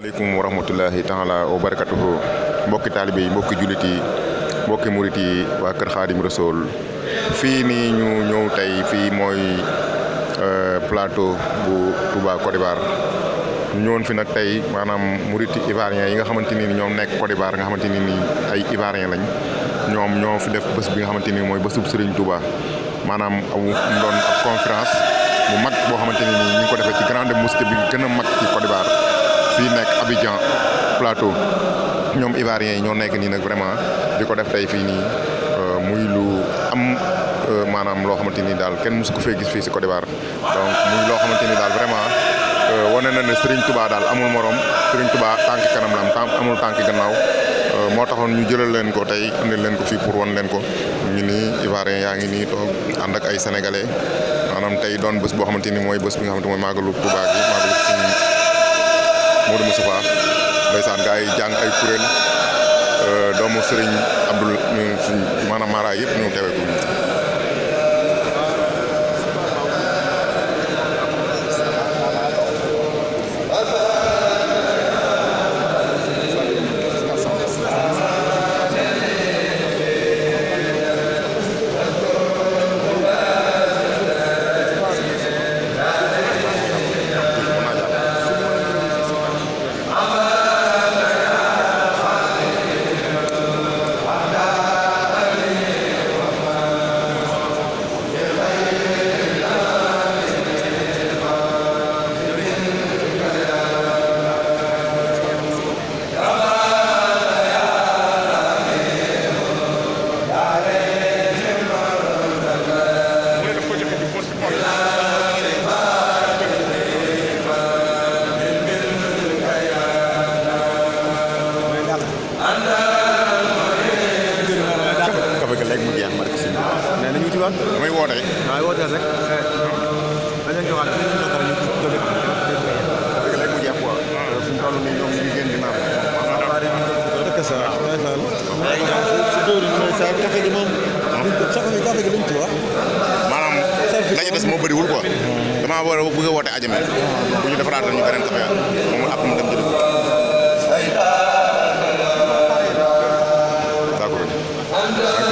alaykum wa rahmatullahi taala wa barakatuh mbok taalibe mbok juliti mbok yi wa murit yi waa kër xaadim rasool fii nii ñu ñëw tey fii mooy euh, plateau bu Touba Côte d'Ivoire ñu ñëwoon fi nak tay manam murit ivoirien yi nga xamanteni ni ñom nek Côte d'Ivoire nga xamanteni ni ay ivoirien lañ ñom ñoo fi def bëss bi nga xamanteni moy mooy Serigne Touba manam am doon conférence bu mag bo xamanteni ni ñu ko defee ci grande mosquée bi gëna mag fii nekk Abidjan Plateau ñoom ivoiriens yi ñoo nekk nii nag vraiment di ko def tey fii nii euh, muy lu am euh, maanaam loo xamante ni daal kenn mu mësu ko fee gis fii si Côte d'Ivoire donc muy loo xamante ni daal vraiment euh, wane na ne Serigne Touba daal amul morom Serigne Touba tànk kanam la am amul tànk gannaaw moo taxoon ñu jëlal leen ko tey andil leen ko fii pour wan leen ko ñu nii ivoirien yaa ngi nii toog ànd ak ay sénégalais maanaam tey doon bés boo xamante mooy bés bi nga xamante Modou Moustapha ndeysaan gaa yi jàng ay kuréel euh, doomu Serigne. kafe gi léegi mu jeex barke si mais nañu utiwaat damay woote rek waaw woote rek dañ leen joxaat dañ leen joxaat ñu jóge kafe gi léegi mu jeex quoi fu mu toll nii ñoom ñu génn di naan rek sa waaye faal si dóor yi mooy sa kafe gi moom sa kafe gi luñ ci wax maanaam la ñu des moo bëriwul quoi dama war a bëgg a woote ajame bu ñu defaraat ñu beneen kafe moom après mu dem Wonder.